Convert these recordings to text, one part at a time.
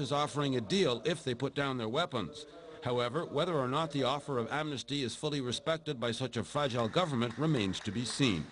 is offering a deal if they put down their weapons. However, whether or not the offer of amnesty is fully respected by such a fragile government remains to be seen.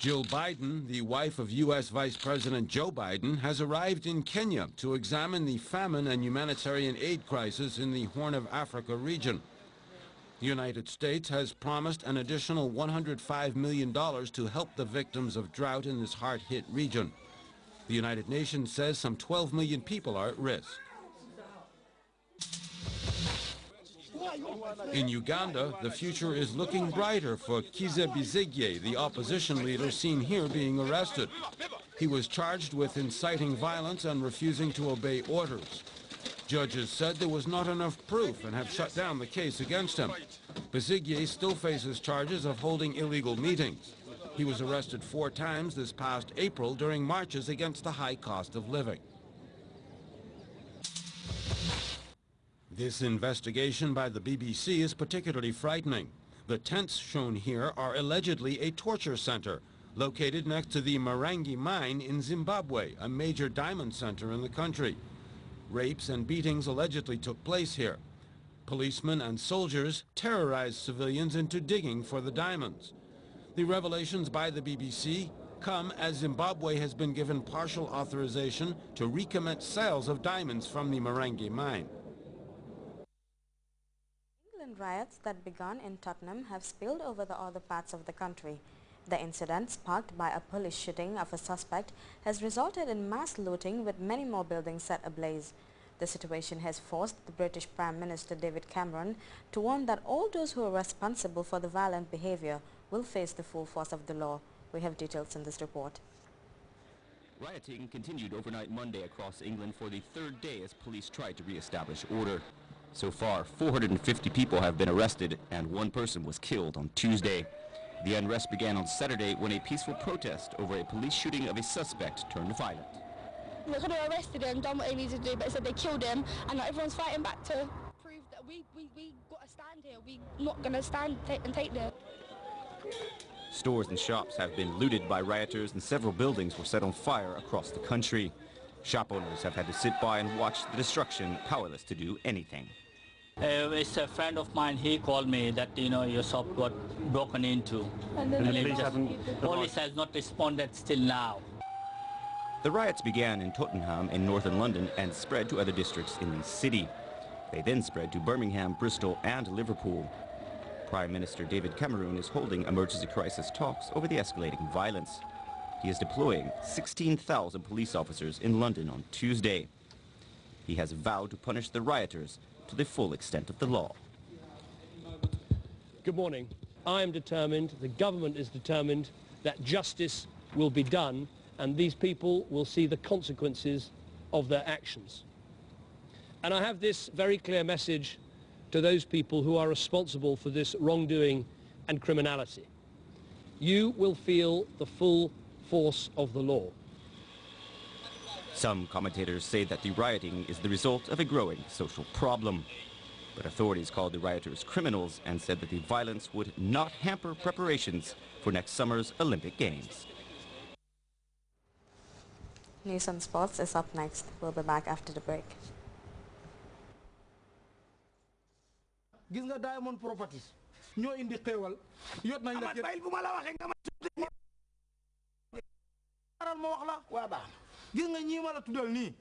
Jill Biden, the wife of U.S. Vice President Joe Biden, has arrived in Kenya to examine the famine and humanitarian aid crisis in the Horn of Africa region. The United States has promised an additional $105 million to help the victims of drought in this hard-hit region. The United Nations says some 12 million people are at risk. In Uganda, the future is looking brighter for Kiza Bizigye, the opposition leader seen here being arrested. He was charged with inciting violence and refusing to obey orders. Judges said there was not enough proof and have shut down the case against him. Bizigye still faces charges of holding illegal meetings. He was arrested four times this past April during marches against the high cost of living. This investigation by the BBC is particularly frightening. The tents shown here are allegedly a torture center located next to the Marangi mine in Zimbabwe, a major diamond center in the country. Rapes and beatings allegedly took place here. Policemen and soldiers terrorized civilians into digging for the diamonds. The revelations by the BBC come as Zimbabwe has been given partial authorization to recommence sales of diamonds from the Marangwe mine. England riots that began in Tottenham have spilled over the other parts of the country. The incident, sparked by a police shooting of a suspect, has resulted in mass looting with many more buildings set ablaze. The situation has forced the British Prime Minister David Cameron to warn that all those who are responsible for the violent behavior will face the full force of the law. We have details in this report. Rioting continued overnight Monday across England for the third day as police tried to re-establish order. So far, 450 people have been arrested and one person was killed on Tuesday. The unrest began on Saturday when a peaceful protest over a police shooting of a suspect turned violent. They could have arrested him, done what they needed to do, but said they killed him, and now everyone's fighting back to prove that we, we, we got to stand here. We're not going to stand and take this. Stores and shops have been looted by rioters and several buildings were set on fire across the country. Shop owners have had to sit by and watch the destruction, powerless to do anything. Uh, it's a friend of mine, he called me that, you know, your shop got broken into. And, and the police, just, police has not responded still now. The riots began in Tottenham in northern London and spread to other districts in the city. They then spread to Birmingham, Bristol and Liverpool. Prime Minister David Cameron is holding emergency crisis talks over the escalating violence. He is deploying 16,000 police officers in London on Tuesday. He has vowed to punish the rioters to the full extent of the law. Good morning. I am determined, the government is determined, that justice will be done and these people will see the consequences of their actions. And I have this very clear message to those people who are responsible for this wrongdoing and criminality. You will feel the full force of the law. Some commentators say that the rioting is the result of a growing social problem. But authorities called the rioters criminals and said that the violence would not hamper preparations for next summer's Olympic Games. News on sports is up next. We'll be back after the break. Diamond Properties ñoo indi xéewal yot nañ la bayil bu ma la waxee nga ma tuddal nii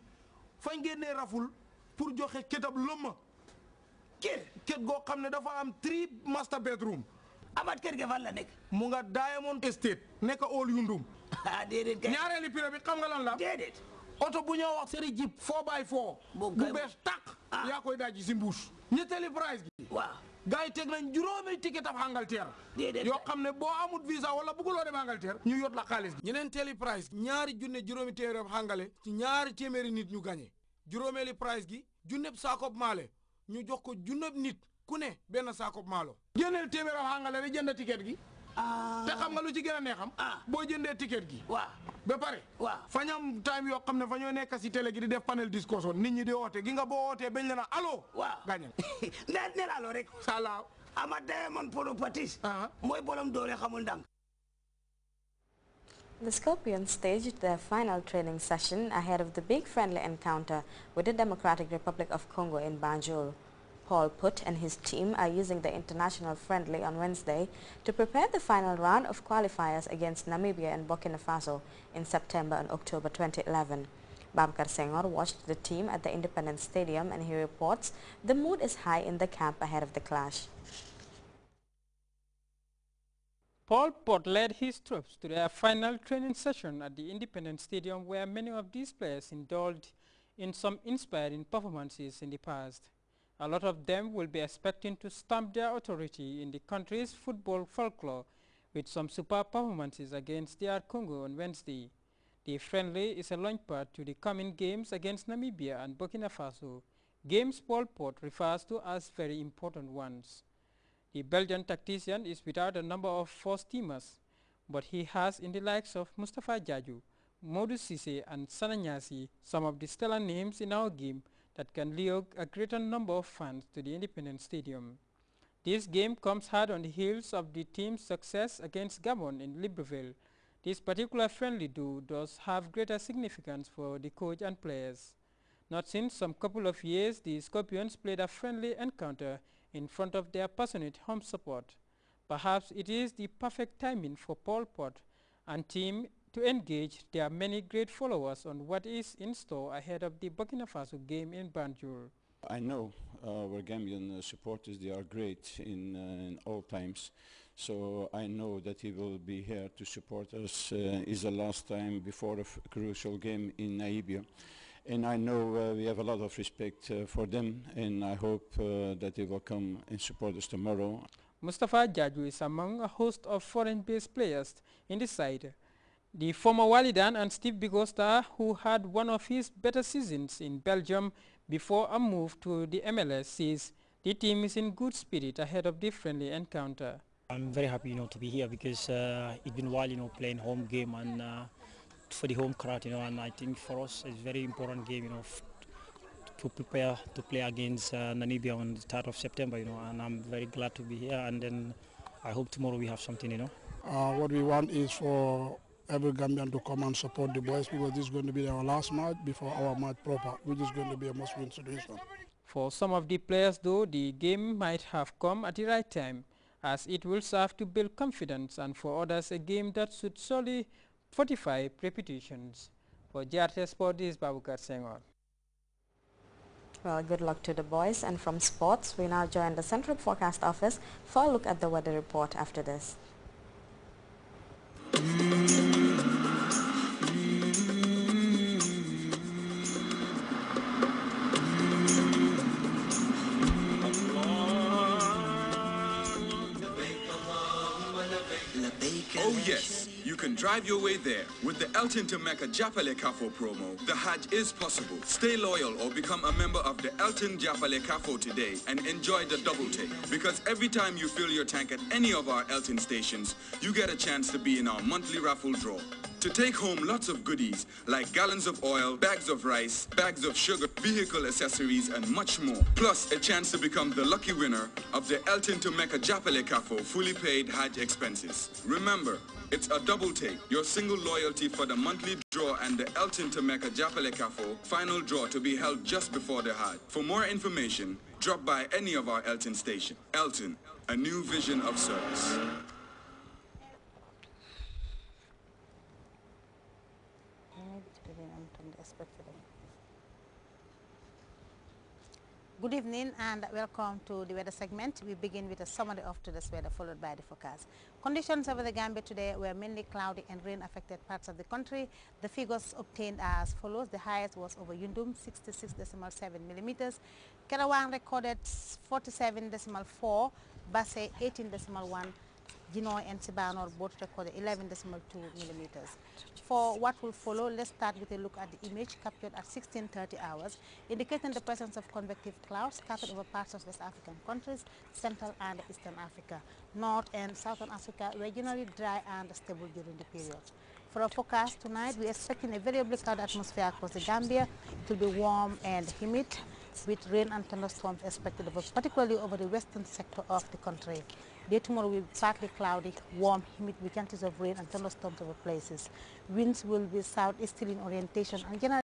fañ génnee raful pour joxe kétab lëmma kër kër goo xam ne dafa am three master bedroom amat kër ga fan la nekk mu nga Diamond Estate nekk óol yundum ah, déedéet kay ñaareeli pire bi xam nga lan la oto bu ñoo wax série four by four bu bees tàq ah. yaa koy daaj ci mbuus ñetteeli price gi gars yi teg nañ juróomi ticket ab Angleterre yoo xam ne boo amut visa wala bëgguloo dem Angleterre ñu yot la xaalis bi ñeneen teeli prize ñaari junne juróomi téeméeri ab xàngale ci ñaari téeméeri nit ñu gañe juróomeeli prize gi junneb saakob maale ñu jox ko junneb nit ku ne benn saakob maalo génneel téeméeri ab xàngale rek jënd ticket gi Ah. te xam nga lu ci neexam. Ah. ticket gi. ba pare. time nekk télé gi di def panel nit ñi di gi nga bañ la na allo. ne ne la rek. ama ah. doole xamul The Scorpions staged their final training session ahead of the big friendly encounter with the Democratic Republic of Congo in Banjul. Paul Put and his team are using the international friendly on Wednesday to prepare the final round of qualifiers against Namibia and Burkina Faso in September and October 2011. Bamkar Senghor watched the team at the Independence Stadium and he reports the mood is high in the camp ahead of the clash. Paul Port led his troops to their final training session at the Independence Stadium where many of these players indulged in some inspiring performances in the past. A lot of them will be expecting to stamp their authority in the country's football folklore with some superb performances against their Congo on Wednesday. The friendly is a launchpad to the coming games against Namibia and Burkina Faso, games Paul Port refers to as very important ones. The Belgian tactician is without a number of first-teamers, but he has in the likes of Mustafa Jaju, Modu Sise and Sananyasi some of the stellar names in our game that can lure a greater number of fans to the independent Stadium. This game comes hard on the heels of the team's success against Gabon in Libreville. This particular friendly do does have greater significance for the coach and players. Not since some couple of years the Scorpions played a friendly encounter in front of their passionate home support. Perhaps it is the perfect timing for Paul Pot and team to engage their many great followers on what is in store ahead of the Burkina Faso game in Banjul. I know our uh, Gambian uh, supporters, they are great in, uh, in all times. So I know that he will be here to support us. Uh, is the last time before a crucial game in Namibia. And I know uh, we have a lot of respect uh, for them and I hope uh, that they will come and support us tomorrow. Mustafa Jaju is among a host of foreign-based players in the side the former Walidan and Steve Bigosta, who had one of his better seasons in Belgium before a move to the MLS, says the team is in good spirit ahead of the friendly encounter. I'm very happy, you know, to be here because uh, it's been a while, you know, playing home game and uh, for the home crowd, you know, and I think for us it's a very important game, you know, to prepare to play against uh, Namibia on the start of September, you know, and I'm very glad to be here and then I hope tomorrow we have something, you know. Uh, what we want is for every Gambian to come and support the boys because this is going to be our last match before our match proper, which is going to be a must-win situation. For some of the players, though, the game might have come at the right time, as it will serve to build confidence, and for others, a game that should solely fortify reputations. For GRT Sport, this is Babukar Senghor. Well, good luck to the boys. And from sports, we now join the Central Forecast Office for a look at the weather report after this. Oh yes, you can drive your way there. With the Elton to Mecca Japale Kafo promo, the Hajj is possible. Stay loyal or become a member of the Elton Japale Kafo today and enjoy the double take. Because every time you fill your tank at any of our Elton stations, you get a chance to be in our monthly raffle draw to take home lots of goodies like gallons of oil, bags of rice, bags of sugar, vehicle accessories, and much more. Plus, a chance to become the lucky winner of the Elton to Mecca Japele Kafo fully paid Hajj expenses. Remember, it's a double take, your single loyalty for the monthly draw and the Elton to Mecca Japele Kafo final draw to be held just before the Hajj. For more information, drop by any of our Elton station. Elton, a new vision of service. Good evening and welcome to the weather segment. We begin with a summary of today's weather followed by the forecast. Conditions over the Gambia today were mainly cloudy and rain affected parts of the country. The figures obtained are as follows. The highest was over Yundum, 66.7 millimeters. Kerawang recorded 47.4, Basse 18.1 Gino and Sibanor both recorded 11.2 millimeters. For what will follow, let's start with a look at the image captured at 16.30 hours, indicating the presence of convective clouds scattered over parts of West African countries, Central and Eastern Africa. North and Southern Africa Regionally dry and stable during the period. For our forecast tonight, we're expecting a variably cloud atmosphere across the Gambia. It will be warm and humid, with rain and thunderstorms expected, particularly over the western sector of the country. Day tomorrow will be partly cloudy, warm, humid with chances of rain and thunderstorms over places. Winds will be southeasterly in orientation and generally